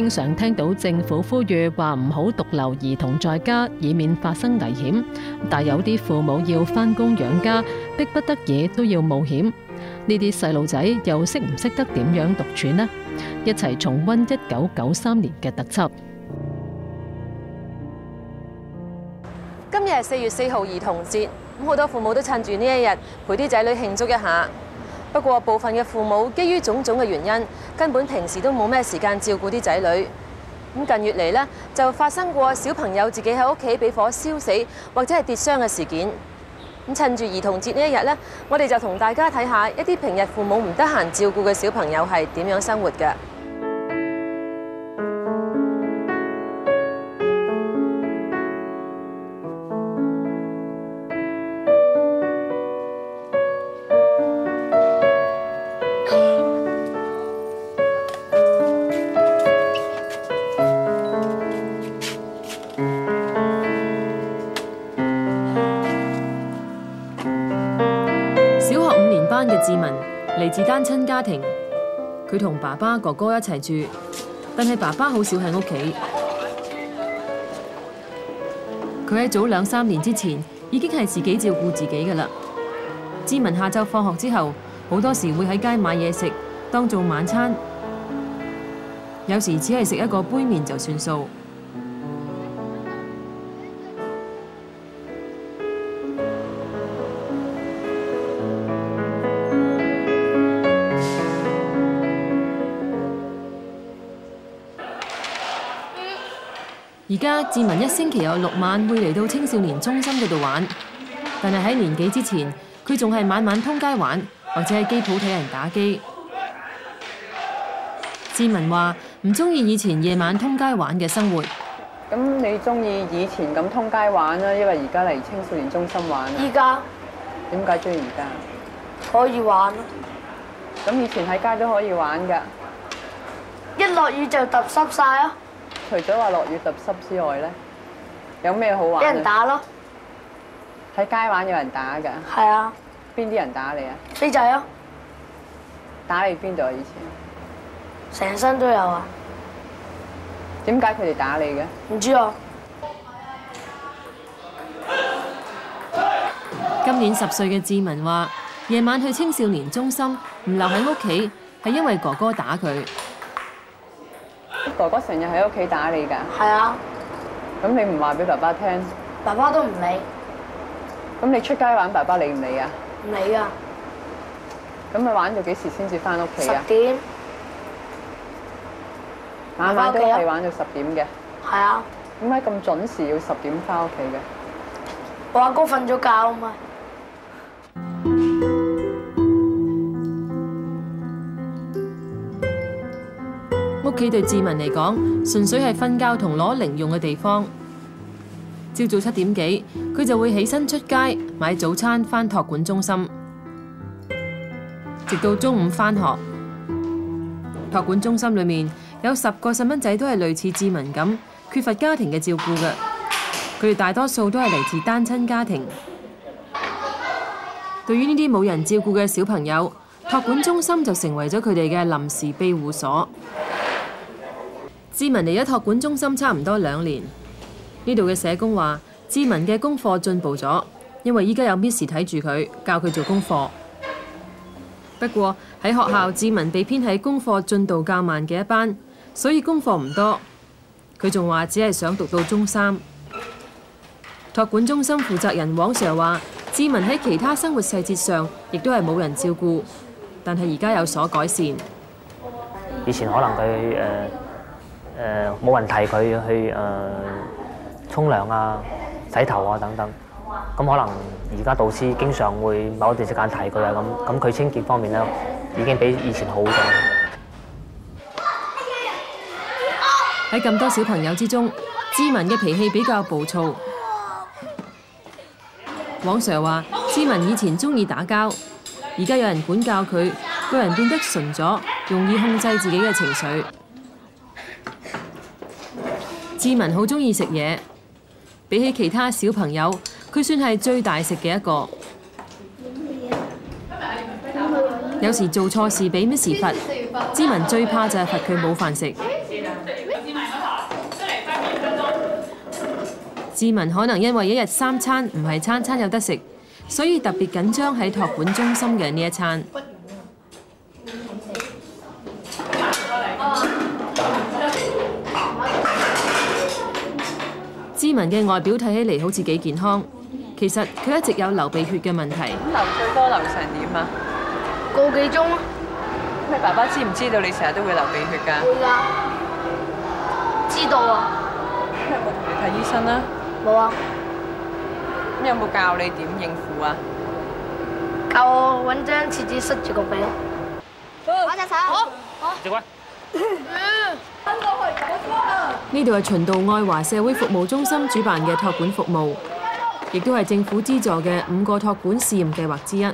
經常聽到政府呼籲話唔好獨留兒童在家，以免發生危險。但有啲父母要返工養家，迫不得已都要冒險。呢啲細路仔又識唔識得點樣獨處呢？一齊重溫一九九三年嘅特輯。今日係四月四號兒童節，咁好多父母都趁住呢一日陪啲仔女慶祝一下。不過部分嘅父母基於種種嘅原因，根本平時都冇咩時間照顧啲仔女。咁近月嚟呢，就發生過小朋友自己喺屋企俾火燒死，或者係跌傷嘅事件。咁趁住兒童節呢一日呢，我哋就同大家睇下一啲平日父母唔得閒照顧嘅小朋友係點樣生活嘅。是單親家庭，佢同爸爸哥哥一齊住，但係爸爸好少喺屋企。佢喺早兩三年之前已經係自己照顧自己噶啦。志文下晝放學之後，好多時會喺街買嘢食當做晚餐，有時只係食一個杯麵就算數。而家志文一星期有六晚會嚟到青少年中心嗰度玩，但係喺年幾之前，佢仲係晚晚通街玩，或者喺機鋪睇人打機。志文話唔中意以前夜晚通街玩嘅生活。咁你中意以前咁通街玩啦？因為而家嚟青少年中心玩。依家？點解中意而家？可以玩咯。咁以前喺街都可以玩噶。一落雨就揼濕晒咯。除咗話落雨特濕之外咧，有咩好玩？俾人打咯！喺街玩有人打㗎。係啊。邊啲人打你啊？飛仔啊？打你邊度以前。成身都有啊。點解佢哋打你嘅？唔知啊。今年十歲嘅志文話：夜晚去青少年中心唔留喺屋企，係因為哥哥打佢。哥哥成日喺屋企打你噶？係啊。咁你唔話俾爸爸聽，爸爸都唔理。咁你出街玩，爸爸理唔理啊？唔理啊。咁你玩到幾時先至翻屋企啊？十點。晚晚都係玩到十點嘅？係啊。點解咁準時要十點翻屋企嘅？我阿哥瞓咗覺啊嘛。屋企對志文嚟講，純粹係瞓覺同攞零用嘅地方。朝早七點幾，佢就會起身出街買早餐，返托管中心，直到中午返學。托管中心裏面有十個細蚊仔，都係類似志文咁缺乏家庭嘅照顧嘅。佢哋大多數都係嚟自單親家庭。對於呢啲冇人照顧嘅小朋友，托管中心就成為咗佢哋嘅臨時庇護所。志文嚟咗託管中心差唔多兩年，呢度嘅社工話志文嘅功課進步咗，因為依家有 Miss 睇住佢，教佢做功課。不過喺學校，志文被編喺功課進度較慢嘅一班，所以功課唔多。佢仲話只係想讀到中三。託管中心負責人王 sir 話：志文喺其他生活細節上，亦都係冇人照顧，但係而家有所改善。以前可能佢誒。呃誒冇人提佢去誒沖涼啊、洗頭啊等等，咁可能而家導師經常會某一段時間提佢啊，咁咁佢清潔方面呢，已經比以前好咗。喺咁多小朋友之中，志文嘅脾氣比較暴躁。王 sir 話：志文以前中意打交，而家有人管教佢，個人變得純咗，容易控制自己嘅情緒。志文好中意食嘢，比起其他小朋友，佢算係最大食嘅一個，嗯嗯嗯。有時做錯事俾 Miss 罰，志文最怕就係罰佢冇飯食，嗯嗯嗯。志文可能因為一日三餐唔係餐餐有得食，所以特別緊張喺託管中心嘅呢一餐。志文嘅外表睇起嚟好似幾健康，其實佢一直有流鼻血嘅問題。流最多流成點啊？個幾鐘？你爸爸知唔知道你成日都會流鼻血噶？會噶，知道啊。有冇同你睇醫生啊？冇啊。咁有冇教你點應付啊？教我搵張廁紙塞住個鼻。搵隻手。好。好。借過。呢度係循道愛華社會服務中心主辦嘅托管服務，亦都係政府資助嘅五個托管試驗計劃之一。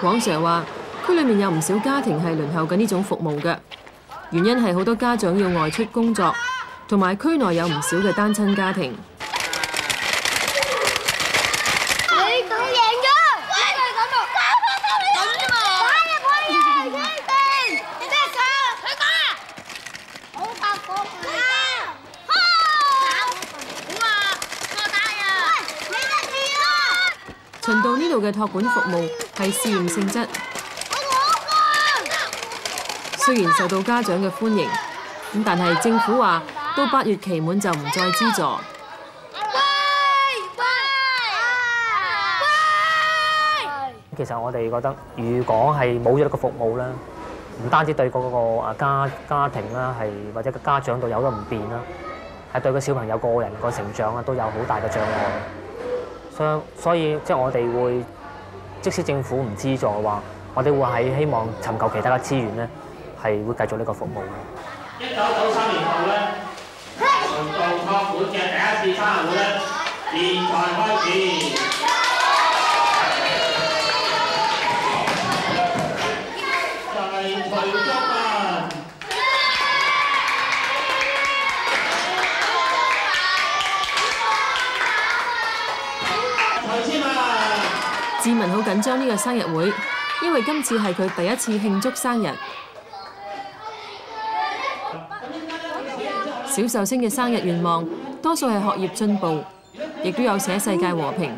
廣 Sir 話，區裏面有唔少家庭係輪候緊呢種服務嘅，原因係好多家長要外出工作，同埋區內有唔少嘅單親家庭。嘅托管服務係試驗性質，雖然受到家長嘅歡迎，咁但係政府話到八月期滿就唔再資助。其實我哋覺得，如果係冇咗呢個服務咧，唔單止對嗰個啊家家庭啦，係或者個家長都有得唔便啦，係對個小朋友個人個成長啊都有好大嘅障礙。所以即係、就是、我哋會，即使政府唔資助嘅話，我哋會喺希望尋求其他嘅資源咧，係會繼續呢個服務嘅。一九九三年度咧，年度託管嘅第一次生日會咧，現在開始。好緊張呢個生日會，因為今次係佢第一次慶祝生日。小壽星嘅生日願望多數係學業進步，亦都有寫世界和平。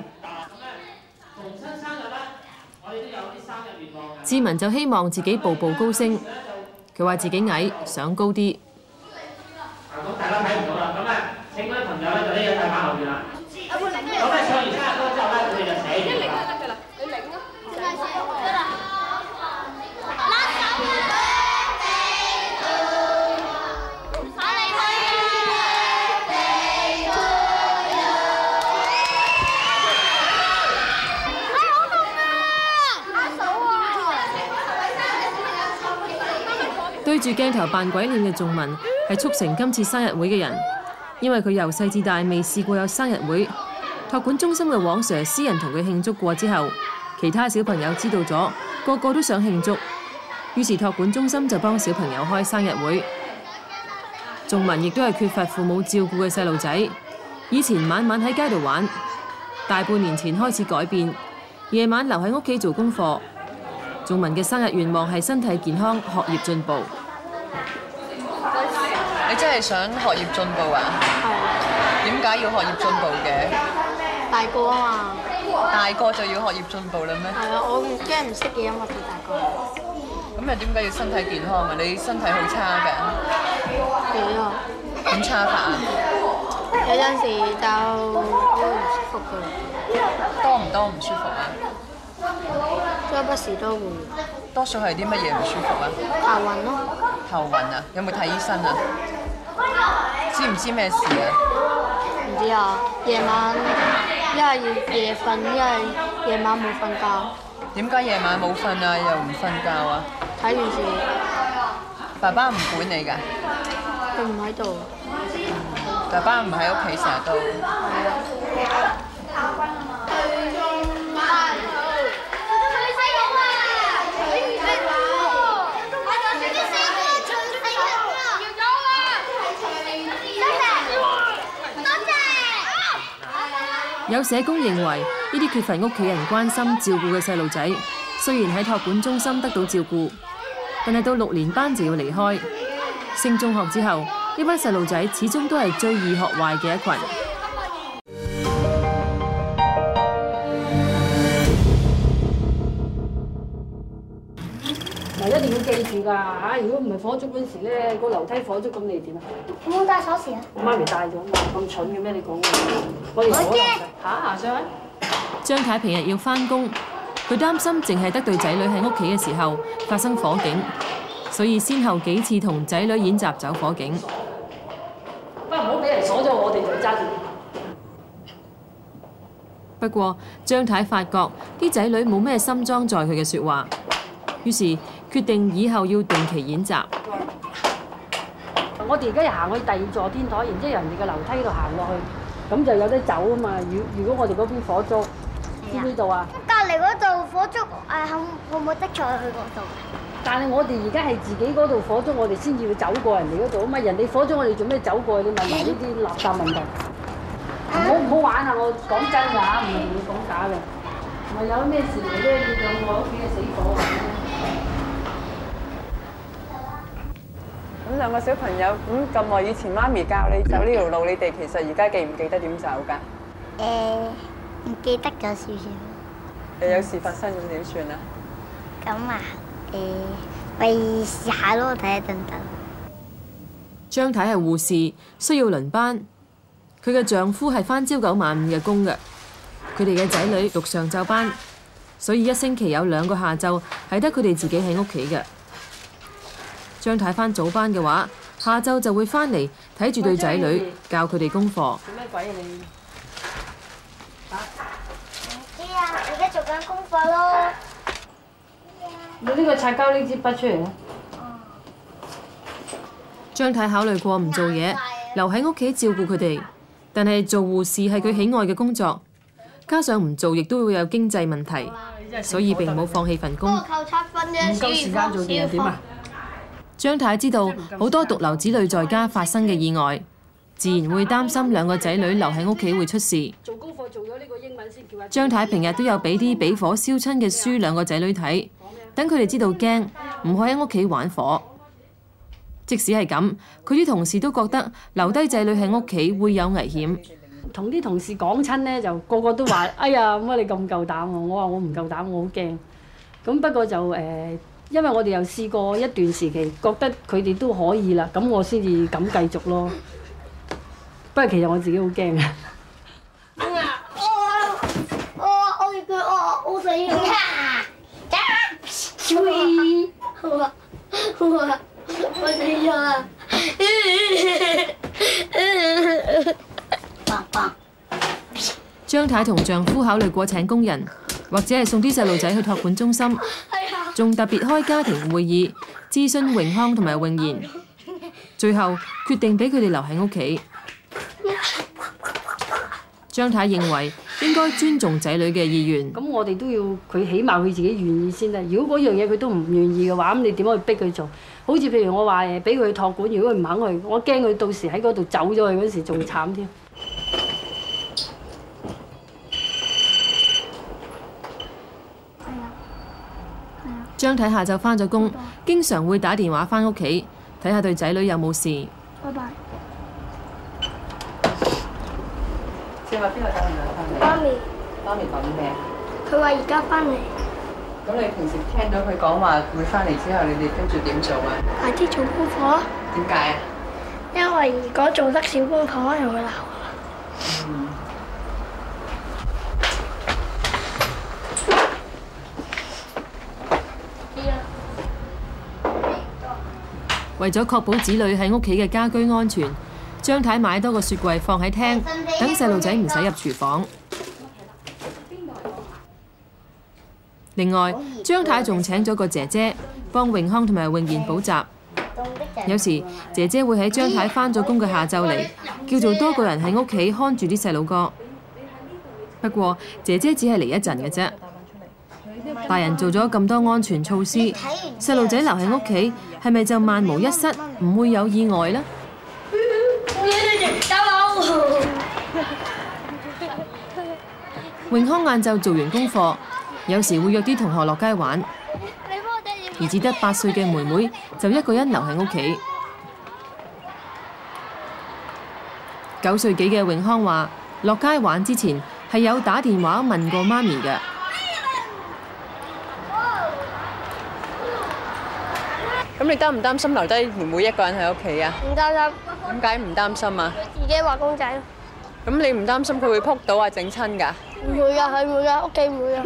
志文就希望自己步步高升，佢話自己矮，想高啲。對住鏡頭扮鬼臉嘅仲文係促成今次生日會嘅人，因為佢由細至大未試過有生日會。託管中心嘅王 Sir 私人同佢慶祝過之後，其他小朋友知道咗，個個都想慶祝，於是託管中心就幫小朋友開生日會。仲文亦都係缺乏父母照顧嘅細路仔，以前晚晚喺街度玩，大半年前開始改變，夜晚留喺屋企做功課。仲文嘅生日願望係身體健康、學業進步。你真係想學業進步啊？係。點解要學業進步嘅？大個啊嘛。大個就要學業進步啦咩？係啊，我驚唔識嘅音樂嘅大個。咁又點解要身體健康啊？你身體好差㗎。幾啊？點差法啊。有陣時就都唔舒服㗎。多唔多唔舒服啊？多不時都會。多數係啲乜嘢唔舒服啊？頭暈咯。頭暈啊？有冇睇醫生啊？知唔知咩事啊？唔知啊！夜晚一係夜瞓，一係夜晚冇瞓覺。點解夜晚冇瞓啊？又唔瞓覺啊？睇電視。爸爸唔管你噶？佢唔喺度。爸爸唔喺屋企，成日都。啊有社工認為，呢啲缺乏屋企人關心照顧嘅細路仔，雖然喺托管中心得到照顧，但係到六年班就要離開。升中學之後，呢班細路仔始終都係最易學壞嘅一群。嗱，一定要記住㗎嚇！如果唔係火燭嗰時咧，個樓梯火燭咁你點啊？我冇帶鎖匙啊！我媽咪帶咗嘛，咁蠢嘅咩？你講我哋鎖匙嚇，下行上去。張太平日要翻工，佢擔心淨係得對仔女喺屋企嘅時候發生火警，所以先後幾次同仔女演習走火警。不過唔好俾人鎖咗我哋，要揸住。不過張太發覺啲仔女冇咩心裝在佢嘅説話，於是。決定以後要定期演習。我哋而家又行去第二座天台，然之後人哋嘅樓梯度行落去，咁就有得走啊嘛。如如果我哋嗰邊火燭，唔、哎、知、知道啊？隔離嗰度火燭，誒肯可唔可得再去嗰度？但係我哋而家係自己嗰度火燭，我哋先至要走過人哋嗰度啊嘛。人哋火燭，我哋做咩走過去？你問埋呢啲垃圾問題，唔好唔好玩啊！玩我講真話，唔講假嘅。有我有咩事嚟咧？要兩個喺屋企嘅死火兩個小朋友咁咁耐以前，媽咪教你走呢條路，你哋其實而家記唔記得點走噶？誒唔記得咗少少。誒有事發生咁點算啊？咁啊誒，咪試下咯，睇一陣陣。張太係護士，需要輪班，佢嘅丈夫係返朝九晚五嘅工嘅，佢哋嘅仔女讀上晝班，所以一星期有兩個下晝係得佢哋自己喺屋企嘅。張太返早班嘅話，下晝就會返嚟，睇住對仔女，教佢哋功課。功課不在在做咩鬼啊你？唔知啊，而家做緊功課咯。攞呢個擦膠、呢支筆出嚟啊。張太考慮過唔做嘢，留喺屋企照顧佢哋，但係做護士係佢喜愛嘅工作，嗯、加上唔做亦都會有經濟問題，嗯，所以並冇放棄份工。唔夠時間做嘢點啊？張太知道好多獨留子女在家發生嘅意外，自然會擔心兩個仔女留喺屋企會出事。張太平日都有俾啲俾火燒親嘅書兩個仔女睇，等佢哋知道驚，唔可以喺屋企玩火。即使係咁，佢啲同事都覺得留低仔女喺屋企會有危險。同啲同事講親呢，就個個都話：哎呀，乜你咁夠膽？我我話我唔夠膽，我好驚。咁不過就誒。呃因為我哋又試過一段時期，覺得佢哋都可以啦，咁我先至咁繼續咯。不過其實我自己好驚嘅。張太同丈夫考慮過請工人，或者係送啲細路仔去托管中心。仲特別開家庭會議諮詢榮康同埋榮賢，最後決定俾佢哋留喺屋企。張太認為應該尊重仔女嘅意願。咁我哋都要佢起碼佢自己願意先啦。如果嗰樣嘢佢都唔願意嘅話，咁你點可以逼佢做？好似譬如我話誒，俾佢去托管，如果佢唔肯去，我驚佢到時喺嗰度走咗去嗰時仲慘添。張太下晝翻咗工，經常會打電話翻屋企睇下對仔女有冇事。拜拜。之後邊個打電話翻嚟？媽咪。媽咪講咩？佢話而家翻嚟。咁你平時聽到佢講話會翻嚟之後，你哋跟住點做啊？快啲做功課。點解啊？因為如果做得少功課，就會鬧。為咗確保子女喺屋企嘅家居安全，張太買多個雪櫃放喺廳，等細路仔唔使入廚房。另外，張太仲請咗個姐姐幫永康同埋永賢補習，有時姐姐會喺張太返咗工嘅下晝嚟，叫做多個人喺屋企看住啲細路哥。不過，姐姐只係嚟一陣嘅啫。大人做咗咁多安全措施，細路仔留喺屋企。係咪就萬無一失，唔會有意外呢？永康晏晝做完功課，有時會約啲同學落街玩，而只得八歲嘅妹妹就一個人留喺屋企。九歲幾嘅永康話，落街玩之前係有打電話問過媽咪嘅。咁你擔唔擔心留低妹妹一個人喺屋企啊？唔擔心。點解唔擔心啊？佢自己畫公仔。咁你唔擔心佢會扑到啊，整親噶？唔會噶，係會噶，屋企唔會噶。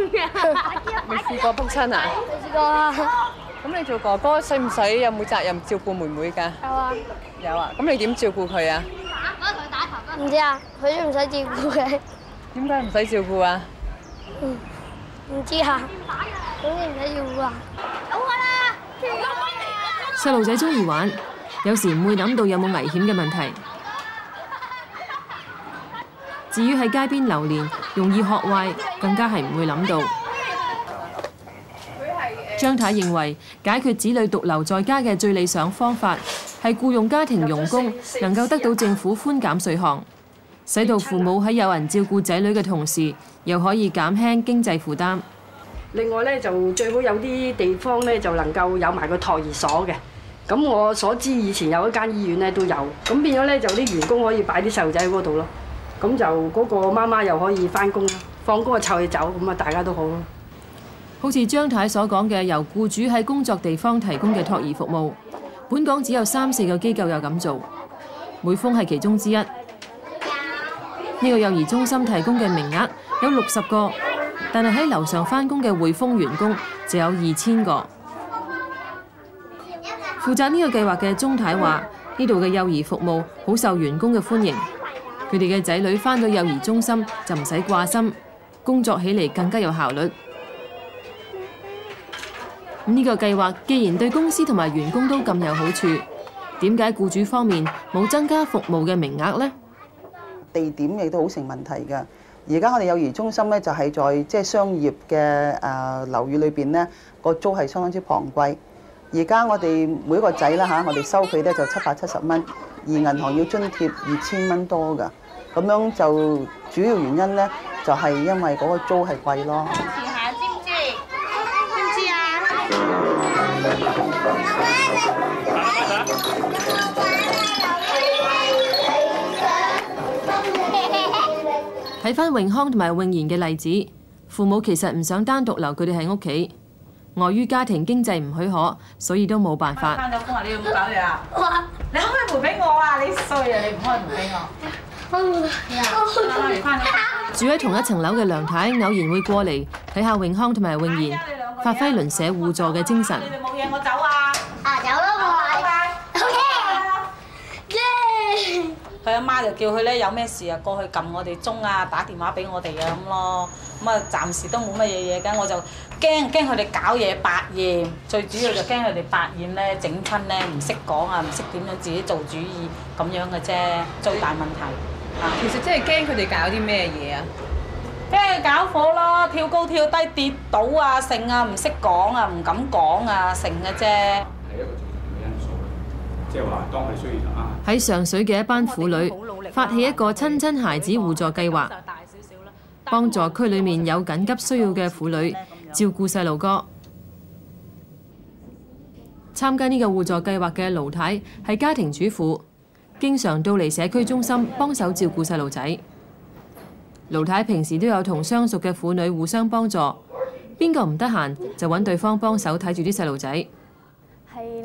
未試過扑親啊？未試過啊。咁你做哥哥使唔使有冇責任照顧妹妹噶？有啊。有啊，咁你點照顧佢啊？打，幫佢打棚打頭。唔知啊，佢都唔使照顧嘅。點解唔使照顧啊？唔知啊。點解唔使照顧啦。好開啦。細路仔中意玩，有時唔會諗到有冇危險嘅問題。至於喺街邊流連，容易學壞，更加係唔會諗到。張太認為，解決子女獨留在家嘅最理想方法係雇傭家庭傭工，能夠得到政府寬減稅項，使到父母喺有人照顧仔女嘅同時，又可以減輕經濟負擔。另外呢，就最好有啲地方呢就能夠有埋個托兒所嘅。咁我所知以前有一間醫院咧都有，咁變咗咧就啲員工可以擺啲細路仔喺嗰度咯，咁就嗰個媽媽又可以翻工，放工啊湊嘢走，咁啊大家都好咯。好似張太所講嘅，由僱主喺工作地方提供嘅託兒服務，本港只有三四個機構有咁做，匯豐係其中之一。呢個幼兒中心提供嘅名額有六十個，但係喺樓上翻工嘅匯豐員工就有二千個。負責呢個計劃嘅鐘太話：呢度嘅幼兒服務好受員工嘅歡迎，佢哋嘅仔女返到幼兒中心就唔使掛心，工作起嚟更加有效率。呢、這個計劃既然對公司同埋員工都咁有好處，點解僱主方面冇增加服務嘅名額呢？地點亦都好成問題㗎。而家我哋幼兒中心咧就係在即係、就是、商業嘅誒樓宇裏邊，呢個租係相當之龐貴。而家我哋每個仔啦嚇，我哋收佢咧就七百七十蚊，而銀行要津貼二千蚊多㗎。咁樣就主要原因咧，就係因為嗰個租係貴咯。睇返永康同埋永賢嘅例子，父母其實唔想單獨留佢哋喺屋企。礙於家庭經濟唔許可，所以都冇辦法。翻咗工啊！你要唔搞你啊？哇！你開唔陪我啊？你衰啊！你唔開唔陪我。住喺同一層樓嘅梁太偶然會過嚟睇下永康同埋永然，發揮鄰舍互助嘅精神。你哋冇嘢，我走啊！啊走啦，好快。O K。耶！佢阿媽就叫佢咧，有咩事啊，過去撳我哋鐘啊，打電話俾我哋啊，咁咯。咁啊，暫時都冇乜嘢嘢嘅，我就驚驚佢哋搞嘢百厭，最主要就驚佢哋百厭咧，整親咧，唔識講啊，唔識點樣自己做主意咁樣嘅啫，最大問題啊、欸，其實真係驚佢哋搞啲咩嘢啊，驚佢搞火咯，跳高跳低跌倒啊，剩啊，唔識講啊，唔敢講啊，剩嘅啫。係一個重要嘅因素，即係話當佢需要，喺上水嘅一班婦女發起一個親親孩子互助計劃。嗯嗯嗯嗯嗯嗯幫助區裏面有緊急需要嘅婦女照顧細路哥。參加呢個互助計劃嘅盧太係家庭主婦，經常到嚟社區中心幫手照顧細路仔。盧太平時都有同相熟嘅婦女互相幫助，邊個唔得閒就揾對方幫手睇住啲細路仔。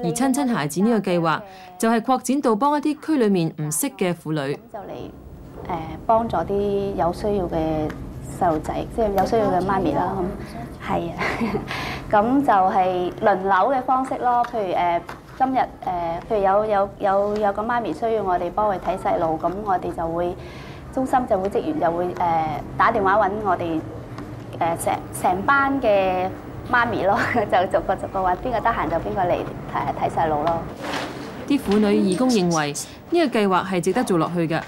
而親親孩子呢個計劃就係擴展到幫一啲區裏面唔識嘅婦女，就幫助啲有需要嘅。細路仔，即係有需要嘅媽咪啦，咁係啊，咁就係輪流嘅方式咯。譬如誒，今日誒，譬如有有有有個媽咪需要我哋幫佢睇細路，咁我哋就會中心就會職員就會誒打電話揾我哋誒成成班嘅媽咪咯，就逐個逐個揾，邊個得閒就邊個嚟誒睇細路咯。啲婦女義工認為呢個計劃係值得做落去嘅，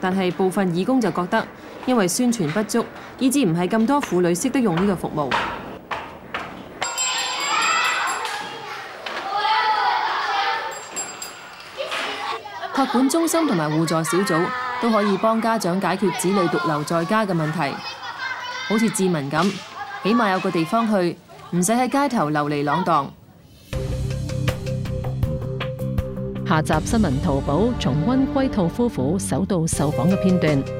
但係部分義工就覺得。因為宣傳不足，以致唔係咁多婦女識得用呢個服務。托管中心同埋互助小組都可以幫家長解決子女獨留在家嘅問題，好似志文咁，起碼有個地方去，唔使喺街頭流離浪蕩。下集新聞掏寶重温龜兔夫婦首度受訪嘅片段。